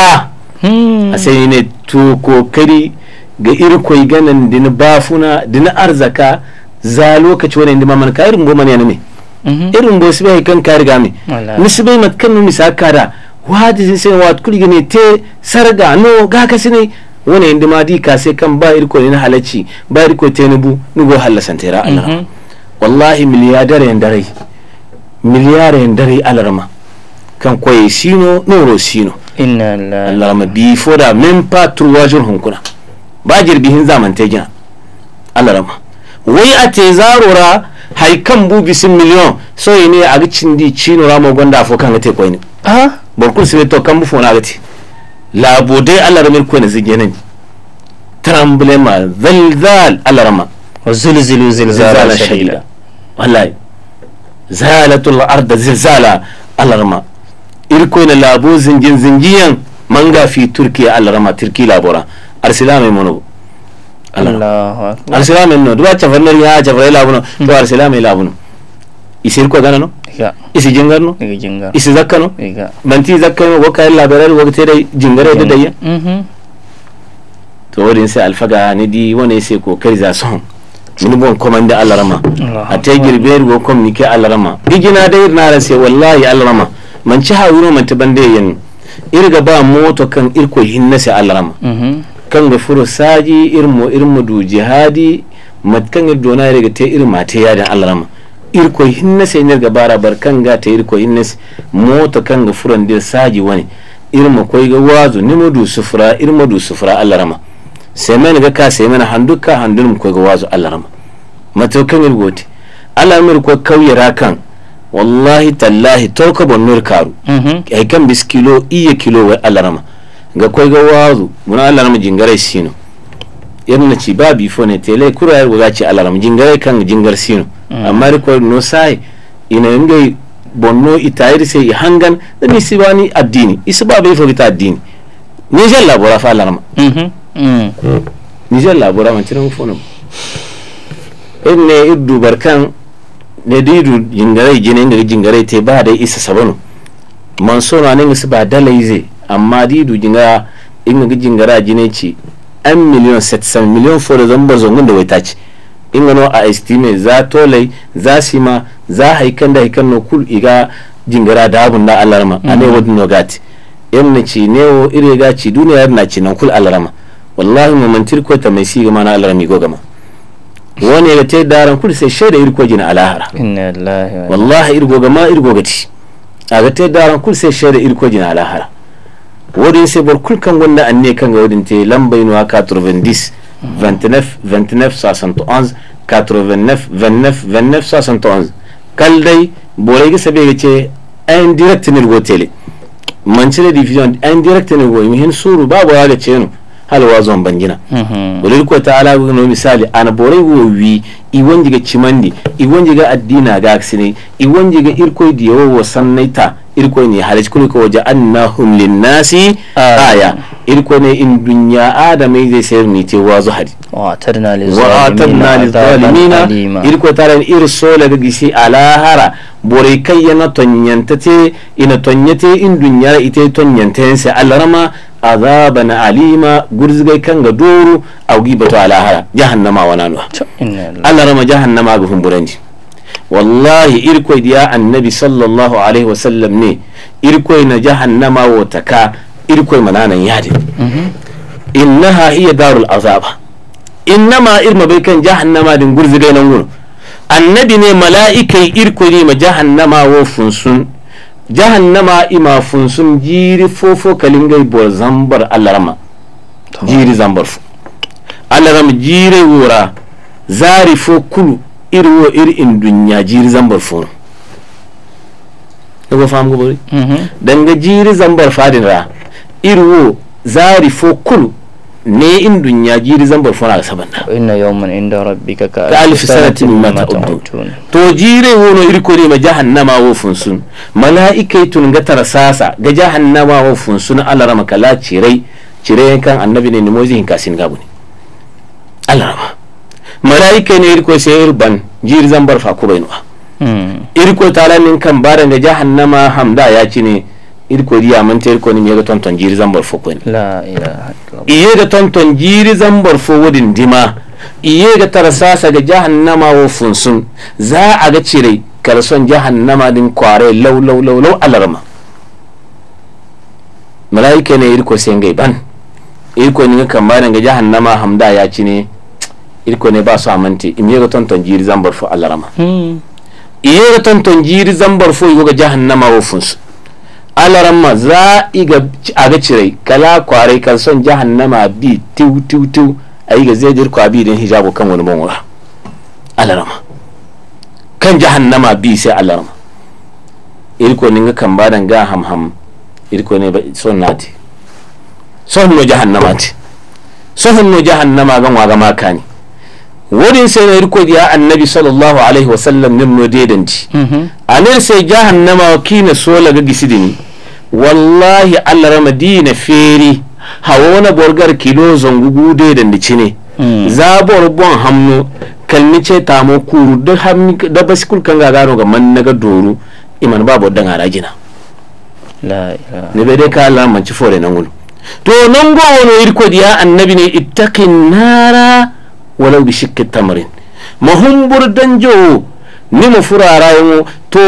Speaker 2: hmm. a sai ne to kokari ga irkoi ganin dina bafuna dina arzaka za lokaci wani inda mana ka irin goma ne ne mhm. irin go bai kan ka riga mi ni sibai mat kan mi sa kada wadi sai wat kuli gane te sarga no ga ka ne wani yin dima di ka se kan ba irko ne na halacci ba irko koy nubu nugo halla santera allah mhm. wallahi milliardaire en daray milliardaire en dare alarma kan kwaye sino noro sino alarma bi foda min pas trois hunkuna ba jirbi hin alarma wai a te zarora haikan bu bisin miliyon so ne a gicin di cino ramo gwanda afokan ga te koyni borkun sibe to kan bufo na gati labodai alaramin kuwa na zigenin tramblema zalzal alarama wa zulzulu zilzala shahida wallahi zalatul arda zilzala alarama irko na labo zingin zingiyan manga fi turki alarama turki labora arsilamai e mono arsilamai e no duba chafarnar ya chafarai labuno hmm. duba arsilamai e labuno isirko gana no
Speaker 1: isi jingano isi
Speaker 2: zakkano banti no wo kay labarar wo tere jingare da dayya to wodin sai alfaga ne di wona sai ko kari za son min bon komande alarama a te girbeer go communiquer alarama igina dai na ra sai wallahi alarama man ci hawiro man bande yen irga ba moto kan irko hinna sai alarama mhm. kan ga furo saji irmo irmo du jihadi mat kan ga dona irga te irma te yadan alarama irko hinnes energa bara bar kanga ta irko hinnes mota kanga furan dir saji wani irma koi ga wazu nima du sufra irma du sufra allarama sai mai ga ka sai mana handuka handun koi ga wazu allarama mato kan irgoti alamir ko kauyara kan wallahi tallahi ka bon nur karu
Speaker 1: kai mhm.
Speaker 2: kan bis kilo iya kilo wai allarama ga koi ga wazu mun allarama jingare sino yamna ci babi fone tele kurayar waga ci allarama jingare kan jingar sino amma ko no sai ina ngay bonno se i hangan da mi addini ba bai addini la bora fa larma
Speaker 1: mhm, mhm.
Speaker 2: niger la bora man tiran fono enne iddu barkan ne didu jingare jine ngi jingare te ba da isa sabano man sona ne ngi ba dalaize amma didu jingara inga jingara jine ci 1 million 700 million fo da zamba zongun da waita ci ingano a estime za tolai za sima za haikan da haikan no kul iga jingara da abun da alarma mm-hmm. ane wadin no gati na ci newo ire ga ci duniya na ci nan kul alarma wallahi mu mantir ko ta mai si ga mana alarmi go gama wani ga te daran kul sai shaida irko jina alahara inna lillahi wallahi irgo gama irgo gati a ga te daran kul sai shaida irko jina alahara wadin sai bar kul kan an anne kan ga wadin te lambaino ka turvendis 29 29 71 89 29 29 71 kal dai borai gisa bai gace ayin direct ne go tele mancire division indirect direct ne go mihin suru babu ya gace no halwa zon bangina wani ko ta ala no misali ana borai go wi i wonji ga cimandi i wonji ga addina ga aksine i wonji ga di diyawo sannaita irkoi ni halaj kuni waja waje annahum linnasi aya irkone in dunya adamai zai sayar mai te wa zuhari
Speaker 1: wa atarna lizalimina irko
Speaker 2: taren irsola da gisi alahara bore kai yana tonyanta te ina tonyate in dunya ita tonyanta yansa alarama azaban alima gurzigai kan ga doro a gibatu alahara jahannama wa nanuwa alarama jahannama ga humburanji wallahi irko diya annabi sallallahu alaihi wasallam ne irko na jahannama wa irkoy mananan yade innaha hiya darul azaba innama irma bai kan jahannama din gurzi dai nan wuri annabi ne mala'ikai irko ne ma jahannama wo funsun jahannama ima funsun jiri fofo kalingai bo zambar allarama jiri zambar fu allarama jiri wura zari fo kulu irwo iri in dunya jiri zambar fu ko fam go mhm. dan ga jiri zambar fadin ra iruwo zari fo kulu ne in dunya jiri zambar
Speaker 1: fara sabanna inna yawman inda rabbika ka alif sanati mimma ta'udun
Speaker 2: to jire wono ko ne ma jahannama wo funsun tun ga tarasasa ga jahannama wo funsun alarama la cirai cirai kan annabi ne mo zihin kasin gabu ne alarama malaika ne irko sai ban jiri zambar fa kubainwa hmm. irko talamin kan baran ga jahannama hamda ya ci ne irko di amante irko ni nyega ga tonton jiri zambar fo kwen
Speaker 1: la ila
Speaker 2: illallah iyega jiri zambar fo wodin dima ga tarasasa ga jahannama wo funsun za a ga cire karson jahannama din kware law law law law alarma malaika ne irko ngai ban irko ni ba ga jahannama hamda ya ci ne irko ne ba su amante imyega ga tonton jiri zambar fo alarma iye ga tonton jiri zambar fo hmm. yoga jahannama wo funsun alaramma za a ga cirai kala kwarai kan son jahannama bi tiu tiu tiu a yi ga zai kwa bi don hijabu kan wani alaran alarama kan jahannama bi sai alarama irko ne ga kan badan ga ham ham irko ne ba son nati son no jahannama ti son no jahannama gan waga maka ne sai na riko ya annabi alaihi wasallam wa no nenno dedanti mhm. Anan sai jahannama kina ga gisidini wallahi allah ramadina feri feeri hawona borgar kilo zongugu dedandi cine mm. zabor bon hamno ta mu kuru da hamni da basikul kanga gano ga man naga doru iman babo dan arajina la Ne ne dai ka allah manci fore nangul to go wono irko ha annabi ne ittaqin
Speaker 1: nara
Speaker 2: ولو bi التمرين tamarin بردن جو تو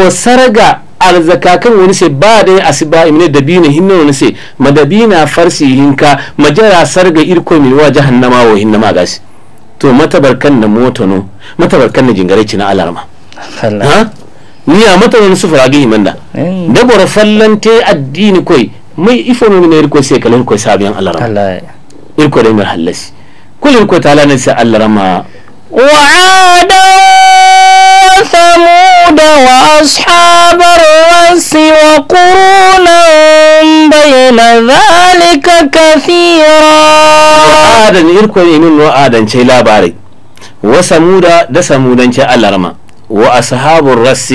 Speaker 2: arzaka kan wani ba da asiba imine dabina hinna wani se madabina farsi hinka sarga irko wa wa hinna ma gasi to matabarkan na no matabarkan na jingare alarma ni ya mata wani da addini koi mai ifo irko kalan sabiyan kullum ko ta'ala ne sai Allah rama
Speaker 1: wa'ada ثمود وأصحاب الرس وقرونا بين ذلك كثيرا
Speaker 2: آدم إركون إنون وآدم شيء لا باري وثمود دا ثمود شاء الأرما وأصحاب الرس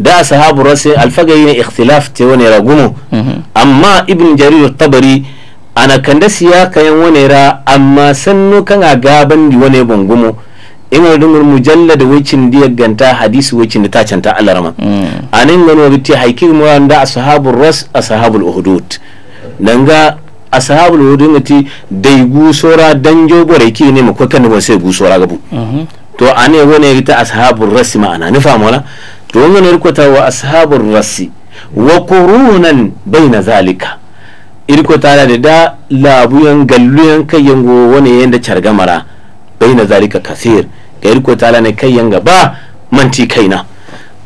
Speaker 2: دا أصحاب الرس الفقه اختلاف تيوني رقمه أما ابن جرير الطبري ana kanda siya kayan wane ra amma sannu kan a gaban di wane bangumo ina dungur mujalla da wicin diya ganta hadisi wicin da ta canta alarma mm. anin gano bitti haiki mu da ashabul ras ashabul uhudud danga ashabul uhudud ngati dai gusora danjo bore ki ne mu kan ba sai gusora gabu mm-hmm. to ane wane gita ashabul ras ma'ana ni famola to ngone rikota wa ashabul ras wa qurunan na zalika iriko tana da da labuyan galluyan kayan go wani yanda cargamara bai na zalika kasir ga irko tana ne kayan gaba manti kaina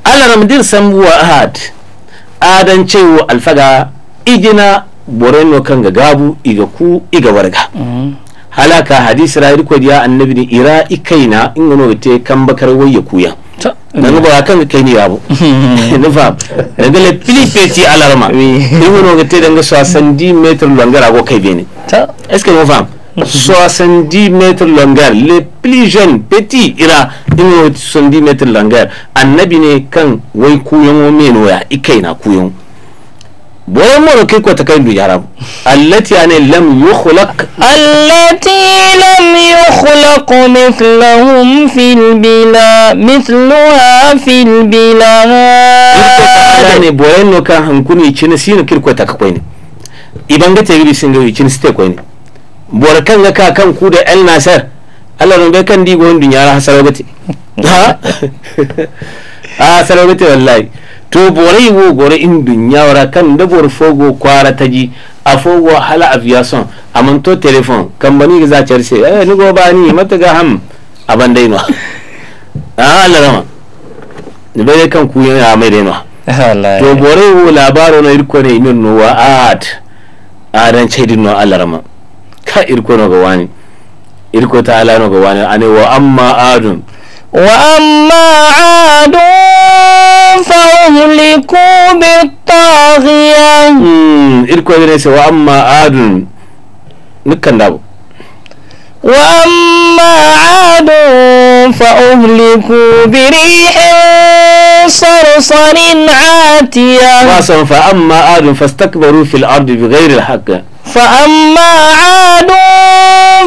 Speaker 2: Allah ramdin san wa ahad adan cewa alfaga igina boreno kan ga gabu iga ku iga warga mm. halaka hadisi ra irko diya annabi ira ikaina in gano te kan bakar ya kuya nanga ba kan kai ni yabo
Speaker 1: ne
Speaker 2: fam nanga le pili peti alarma ni wono ga te danga 70 meter longueur go kai bene ta est ce que mo fam 70 meter longueur le plus jeune petit ira ino 70 meter longueur annabi ne kan wai kuyon wo meno ya ikai na kuyon بومر lam وتكين يا رب التي يعني لم يخلق
Speaker 1: التي لم يخلق مثلهم في البلاد مثلها في البلاد
Speaker 2: يعني بوين كان هنكون يشين سين كيك وتكين iban ga tege bisin ga yicin ste koyne bor kan ga kakan ku da el nasar Allah ran be kan digo hon dunyara ha to bore yi gore in dunya wara kan da bor fogo kwara taji a fogo hala aviation a manto telefon kambani ga za charse eh ni go bani mata ga ham aban dai no a ah, Allah rama ne bai kan ku a mai dai no to borai yi labaro na irko ne inin no wa dan ce chaidin no Allah rama ka irko no ga wani irko ta ala no ga wani ane wa amma adun
Speaker 1: وأما عاد فأهلكوا بالطاغية إلكو
Speaker 2: إدريس وأما عاد نكن
Speaker 1: دابو وأما عاد فأهلكوا بريح صرصر عاتية
Speaker 2: فأما عاد فاستكبروا في الأرض بغير الحق
Speaker 1: فأما عاد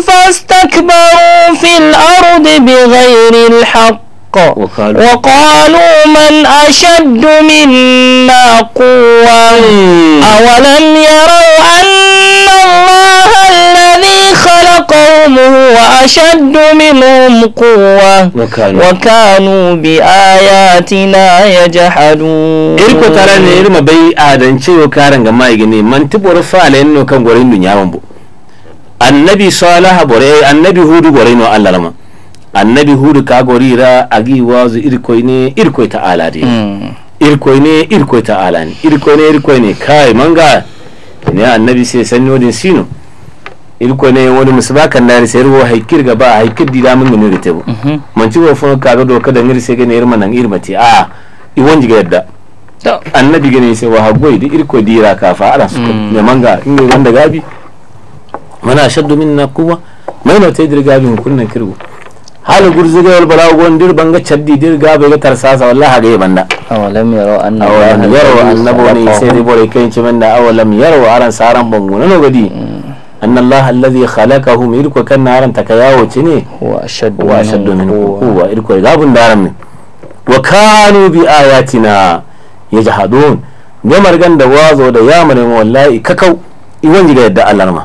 Speaker 1: فاستكبروا في الأرض بغير الحق
Speaker 2: وقالوا, وقالوا من
Speaker 1: أشد منا قوة أولم يروا أن الله ادخل قومه وأشد منهم قوة وكانوا, وكانوا bai يجحدون
Speaker 2: إلكو تراني إلما بي آدن شيو كارنغ ما يجني من تبور فالين نو كان غورين دنيا منبو annabi salaha bore annabi hudu bore no allah rama annabi hudu ka gorira agi wazu irkoi ne irkoi ta ala de ne irkoi ta ala ne ne irkoi ne manga ne annabi sai sanyo din sino ne wani musiba kan nari sai ruwa haikir gaba a haikir di damun gani rite bu manci wa fun kaga doka da ngir sai gani irma nan irma te a i wonji ga yadda annabi gani sai wa hagoi da irko dira fa ala su mm. ne manga in ne wanda gabi mana shaddu minna kuwa mai na ta dirga bin kunnan kirgo hal gurzi ga wal bala gon dir banga chaddi dir ga bai ga tarsasa wallahi ga banda awalam yaro annabi yaro annabi ne sai dai bore kai ci banda awalam yaro aran saran bangu na no gadi mm. أن الله الذي خلقهم إلكو كان نارا تكياو تني هو أشد هو أشد منه هو إلكو إلاب نارا وكانوا بآياتنا يجحدون نمر غن دوازو دا يامر والله ككو إيوانجي غير دا ألرما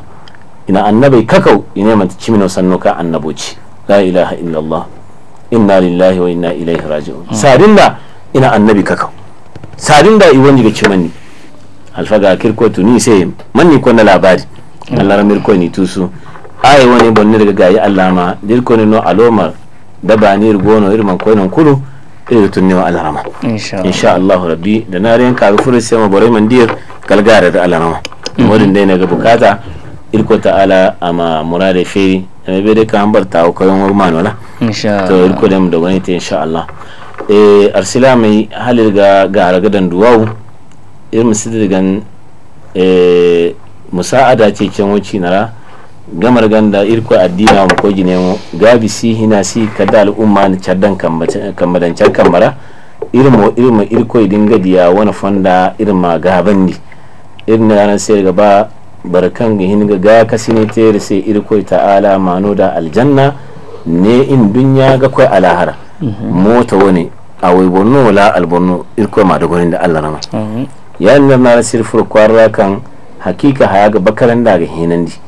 Speaker 2: إن النبي ككو إنما تشمين وسنوكا النبوشي لا إله إلا الله إنا لله وإنا إليه راجعون سادنا إن النبي ككو سادنا إيوانجي غير تشمني alfaga kirko tuni sai manni لا باري allah ramir ko ni tusu ay woni bonne daga gayi allama dir ko no alomar da banir gono irman ko non kulu irin tun wa alarama
Speaker 1: insha
Speaker 2: Allah rabbi da na riyan ka furin sai ma borai mandir galgare da alarama mm-hmm. wadin dai na ga bukata irko ta'ala ama murade feri amma bai dai ka hambar ta ko yan hurman wala insha Allah to irko da mu da wani ta insha Allah eh arsila mai halil ga ga ragadan duwau irin sidrigan eh musa'ada ce can wuci ra gamar ganda irko addina mu ko gine gabi si hina si kada al'umma na caddan kammadan can kammara irmo irmo irko idin gadiya wani fanda irma gaban ni irin na ran sai gaba barkan hin ga ga kasini te sai irko ta'ala mano da aljanna ne in dunya ga kai alahara mhm. mota wani a waiborno la alborno irko ma da da Allah rama yan nan na sirfur kwarra kan hakika haya ga bakaran da ga hinandi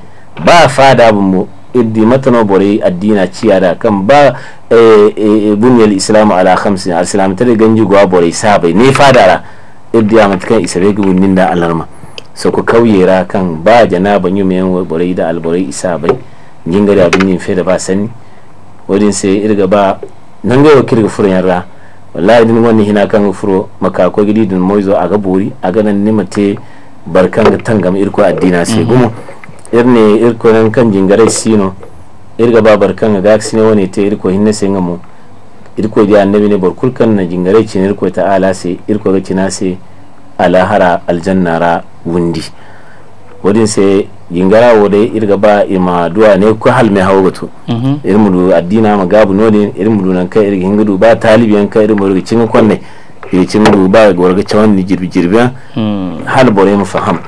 Speaker 2: ba fada mu iddi matano bore addina ciya da kan ba bunyal eh, eh, islamu ala khamsin al islamu tare ganji gwa bore sabai ne ra iddi ya matakan isabe ga wunin da alarma so ku kauyera kan ba janaba yi mayan bore da albore isabai gari abin yin fe da ba sani wadin sai irga ba nan ga wakil ga furin yarra wallahi din wani hina kan furo makako gidi din moizo a bori a ganin nimate mate barkan tangam irko addina se gumo mhm. irne irko nan kan jingare sino irga ba barkan ga ne wani ta irko hinne sai ngamu irko da annabi ne barkul kan na jingare cin irko ta ala sai irko ga cina sai ala hara aljanna ra wundi wadin sai jingara wode irga ba ima duwa ne ko hal mai hawo to mhm. irmu addina ma gabu nodin irmu nan kai irga hingudu ba talibiyan kai irmu irga kwanne. konne hecin duba ga warga cawan ni jirbi jirbiya hal hmm. bore mu faham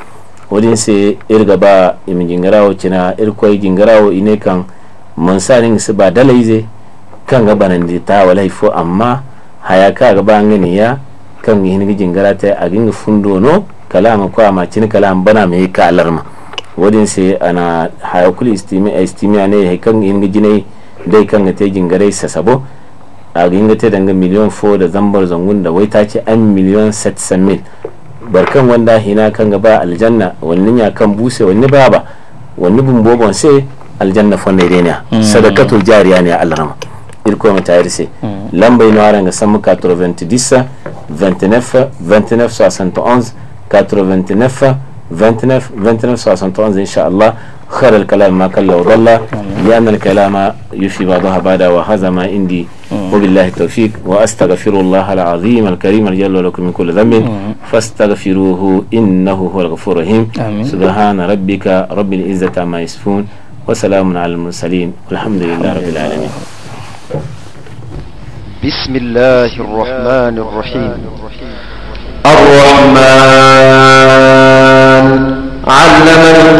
Speaker 2: wajen se ir gaba imin jingarawo cina kwai jingarawo ine kan mun sa ni su ba dalaize kan nan da ta walai fo amma haya ka ga ba ngani ya kan yi ni jingara ta a ginga fundo no kalama kwa ma cin kalam bana mai kalar ma wadin se ana haya kuli istimi istimi ne kan yi ni jinai dai kan ga te jingare sabo aginga te danga miliyon fo da zambar zangun da wai ta ce an miliyon setsan mil barkan wanda hina kan gaba aljanna wani ya kan buse wani baba wani bumbobon sai aljanna fonne denia hmm. sadakatul jariya ne alrama irko mata irse hmm. lamba ino ga samu 90 29 29 71 29 29 insha Allah خير الكلام ما كله وضل لأن الكلام يفي بعضها بعدا وهذا ما عندي وبالله التوفيق وأستغفر الله العظيم الكريم الجل لكم من كل ذنب فاستغفروه إنه هو الغفور الرحيم سبحان ربك رب العزة ما يصفون وسلام على المرسلين والحمد لله رب
Speaker 1: العالمين بسم الله الرحمن الرحيم الرحمن علم